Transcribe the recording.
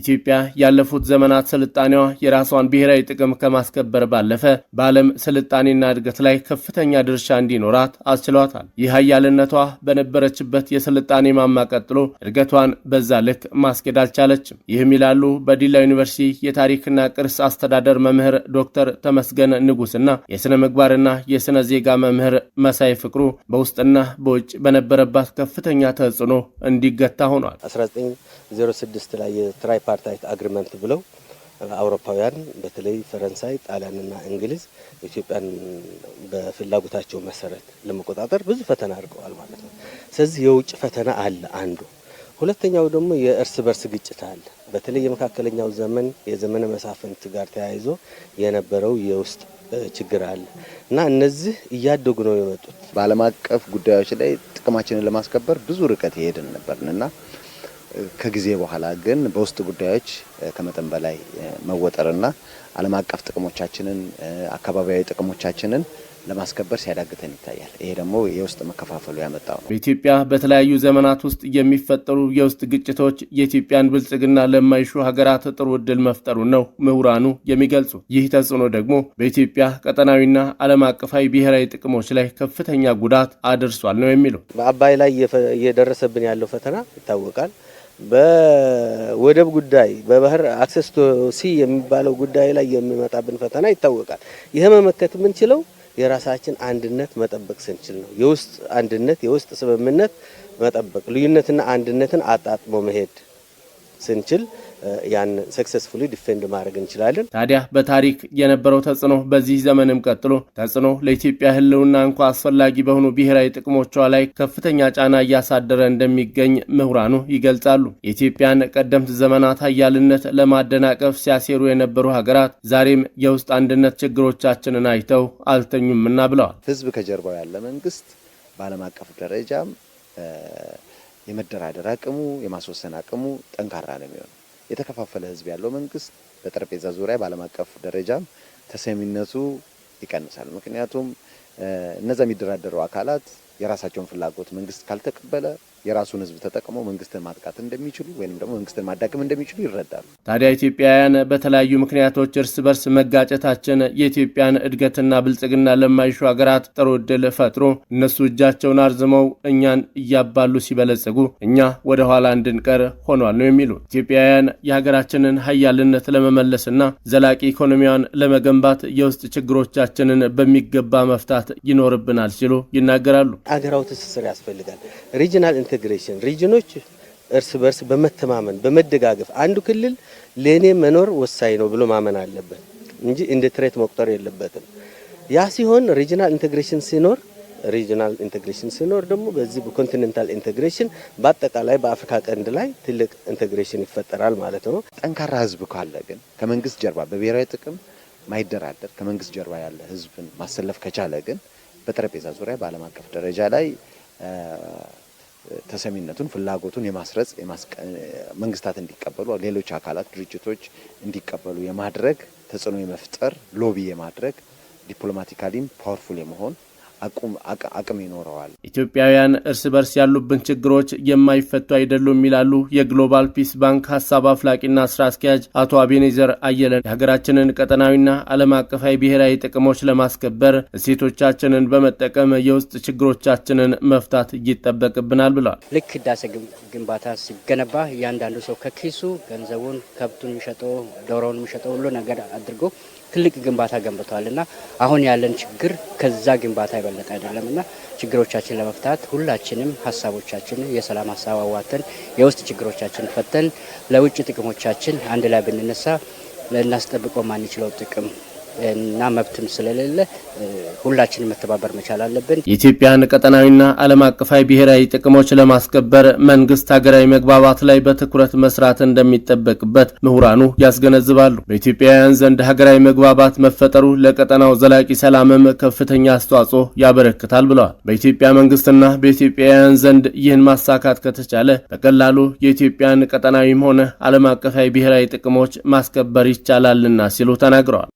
ኢትዮጵያ ያለፉት ዘመናት ስልጣኔዋ የራሷን ብሔራዊ ጥቅም ከማስከበር ባለፈ በዓለም ስልጣኔና እድገት ላይ ከፍተኛ ድርሻ እንዲኖራት አስችሏታል። ይህ ኃያልነቷ በነበረችበት የስልጣኔ ማማ ቀጥሎ እድገቷን በዛ ልክ ማስኬድ አልቻለችም። ይህም ይላሉ በዲላ ዩኒቨርሲቲ የታሪክና ቅርስ አስተዳደር መምህር ዶክተር ተመስገን ንጉሥና የሥነ ምግባርና የሥነ ዜጋ መምህር መሳይ ፍቅሩ በውስጥና በውጭ በነበረባት ከፍተኛ ተጽዕኖ እንዲገታ ሆኗል። 1906 ላይ አፓርታይት አግሪመንት ብለው አውሮፓውያን በተለይ ፈረንሳይ፣ ጣሊያንና እንግሊዝ ኢትዮጵያን በፍላጎታቸው መሰረት ለመቆጣጠር ብዙ ፈተና አድርገዋል ማለት ነው። ስለዚህ የውጭ ፈተና አለ አንዱ። ሁለተኛው ደግሞ የእርስ በርስ ግጭት አለ። በተለይ የመካከለኛው ዘመን የዘመነ መሳፍንት ጋር ተያይዞ የነበረው የውስጥ ችግር አለ እና እነዚህ እያደጉ ነው የመጡት። በዓለም አቀፍ ጉዳዮች ላይ ጥቅማችንን ለማስከበር ብዙ ርቀት የሄድን እና ከጊዜ በኋላ ግን በውስጥ ጉዳዮች ከመጠን በላይ መወጠርና ዓለም አቀፍ ጥቅሞቻችንን አካባቢያዊ ጥቅሞቻችንን ለማስከበር ሲያዳግተን ይታያል። ይሄ ደግሞ የውስጥ መከፋፈሉ ያመጣው ነው። በኢትዮጵያ በተለያዩ ዘመናት ውስጥ የሚፈጠሩ የውስጥ ግጭቶች የኢትዮጵያን ብልጽግና ለማይሹ ሀገራት ጥሩ እድል መፍጠሩ ነው ምሁራኑ የሚገልጹ። ይህ ተጽዕኖ ደግሞ በኢትዮጵያ ቀጠናዊና ዓለም አቀፋዊ ብሔራዊ ጥቅሞች ላይ ከፍተኛ ጉዳት አድርሷል ነው የሚለው። በአባይ ላይ እየደረሰብን ያለው ፈተና ይታወቃል። በወደብ ጉዳይ በባህር አክሰስ ቱ ሲ የሚባለው ጉዳይ ላይ የሚመጣብን ፈተና ይታወቃል። ይህ መመከት የምንችለው የራሳችን አንድነት መጠበቅ ስንችል ነው። የውስጥ አንድነት፣ የውስጥ ስምምነት መጠበቅ ልዩነትና አንድነትን አጣጥሞ መሄድ ስንችል ያን ሰክሰስፉሊ ዲፌንድ ማድረግ እንችላለን። ታዲያ በታሪክ የነበረው ተጽዕኖ በዚህ ዘመንም ቀጥሎ ተጽዕኖ ለኢትዮጵያ ሕልውና እንኳ አስፈላጊ በሆኑ ብሔራዊ ጥቅሞቿ ላይ ከፍተኛ ጫና እያሳደረ እንደሚገኝ ምሁራኑ ይገልጻሉ። የኢትዮጵያን ቀደምት ዘመናት ኃያልነት ለማደናቀፍ ሲያሴሩ የነበሩ ሀገራት ዛሬም የውስጥ አንድነት ችግሮቻችንን አይተው አልተኙምና ብለዋል። ሕዝብ ከጀርባው ያለ መንግስት በዓለም አቀፍ ደረጃም የመደራደር አቅሙ የማስወሰን አቅሙ ጠንካራ ነው የሚሆነው የተከፋፈለ ህዝብ ያለው መንግስት በጠረጴዛ ዙሪያ በዓለም አቀፍ ደረጃም ተሰሚነቱ ይቀንሳል። ምክንያቱም እነዛ የሚደራደሩ አካላት የራሳቸውን ፍላጎት መንግስት ካልተቀበለ የራሱን ህዝብ ተጠቅመው መንግስትን ማጥቃት እንደሚችሉ ወይም ደግሞ መንግስትን ማዳቅም እንደሚችሉ ይረዳሉ። ታዲያ ኢትዮጵያውያን በተለያዩ ምክንያቶች እርስ በርስ መጋጨታችን የኢትዮጵያን እድገትና ብልጽግና ለማይሹ ሀገራት ጥሩ ዕድል ፈጥሮ እነሱ እጃቸውን አርዝመው እኛን እያባሉ ሲበለጽጉ እኛ ወደ ኋላ እንድንቀር ሆኗል ነው የሚሉ ኢትዮጵያውያን የሀገራችንን ሀያልነት ለመመለስና ዘላቂ ኢኮኖሚያን ለመገንባት የውስጥ ችግሮቻችንን በሚገባ መፍታት ይኖርብናል ሲሉ ይናገራሉ። አገራዊ ትስስር ያስፈልጋል። ሪጂናል ኢንቴግሬሽን ሪጅኖች እርስ በርስ በመተማመን በመደጋገፍ አንዱ ክልል ለእኔ መኖር ወሳኝ ነው ብሎ ማመን አለበት እንጂ እንደ ትሬት መቁጠር የለበትም። ያ ሲሆን ሪጅናል ኢንቴግሬሽን ሲኖር ሪጅናል ኢንቴግሬሽን ሲኖር ደግሞ በዚህ በኮንቲኔንታል ኢንቴግሬሽን በአጠቃላይ በአፍሪካ ቀንድ ላይ ትልቅ ኢንቴግሬሽን ይፈጠራል ማለት ነው። ጠንካራ ህዝብ ካለ ግን ከመንግስት ጀርባ በብሔራዊ ጥቅም ማይደራደር ከመንግስት ጀርባ ያለ ህዝብን ማሰለፍ ከቻለ ግን በጠረጴዛ ዙሪያ በዓለም አቀፍ ደረጃ ላይ ተሰሚነቱን ፍላጎቱን የማስረጽ መንግስታት እንዲቀበሉ ሌሎች አካላት ድርጅቶች እንዲቀበሉ የማድረግ ተጽዕኖ የመፍጠር ሎቢ የማድረግ ዲፕሎማቲካሊም ፓወርፉል የመሆን አቅም ይኖረዋል። ኢትዮጵያውያን እርስ በርስ ያሉብን ችግሮች የማይፈቱ አይደሉም ይላሉ የግሎባል ፒስ ባንክ ሀሳብ አፍላቂና ስራ አስኪያጅ አቶ አቤኔዘር አየለን። የሀገራችንን ቀጠናዊና ዓለም አቀፋዊ ብሔራዊ ጥቅሞች ለማስከበር እሴቶቻችንን በመጠቀም የውስጥ ችግሮቻችንን መፍታት ይጠበቅብናል ብለዋል። ልክ ህዳሴ ግንባታ ሲገነባ እያንዳንዱ ሰው ከኪሱ ገንዘቡን፣ ከብቱን የሚሸጠው፣ ዶሮውን የሚሸጠው ሁሉ ነገር አድርጎ ትልቅ ግንባታ ገንብተዋል እና አሁን ያለን ችግር ከዛ ግንባታ የበለጠ አይደለም እና ችግሮቻችን ለመፍታት ሁላችንም ሀሳቦቻችን የሰላም ሀሳብ አዋተን የውስጥ ችግሮቻችን ፈተን ለውጭ ጥቅሞቻችን አንድ ላይ ብንነሳ ልናስጠብቀው ማንችለው ጥቅም እና መብትም ስለሌለ ሁላችንም መተባበር መቻል አለብን። የኢትዮጵያን ቀጠናዊና ዓለም አቀፋዊ ብሔራዊ ጥቅሞች ለማስከበር መንግስት ሀገራዊ መግባባት ላይ በትኩረት መስራት እንደሚጠበቅበት ምሁራኑ ያስገነዝባሉ። በኢትዮጵያውያን ዘንድ ሀገራዊ መግባባት መፈጠሩ ለቀጠናው ዘላቂ ሰላምም ከፍተኛ አስተዋጽኦ ያበረክታል ብለዋል። በኢትዮጵያ መንግስትና በኢትዮጵያውያን ዘንድ ይህን ማሳካት ከተቻለ በቀላሉ የኢትዮጵያን ቀጠናዊም ሆነ ዓለም አቀፋዊ ብሔራዊ ጥቅሞች ማስከበር ይቻላልና ሲሉ ተናግረዋል።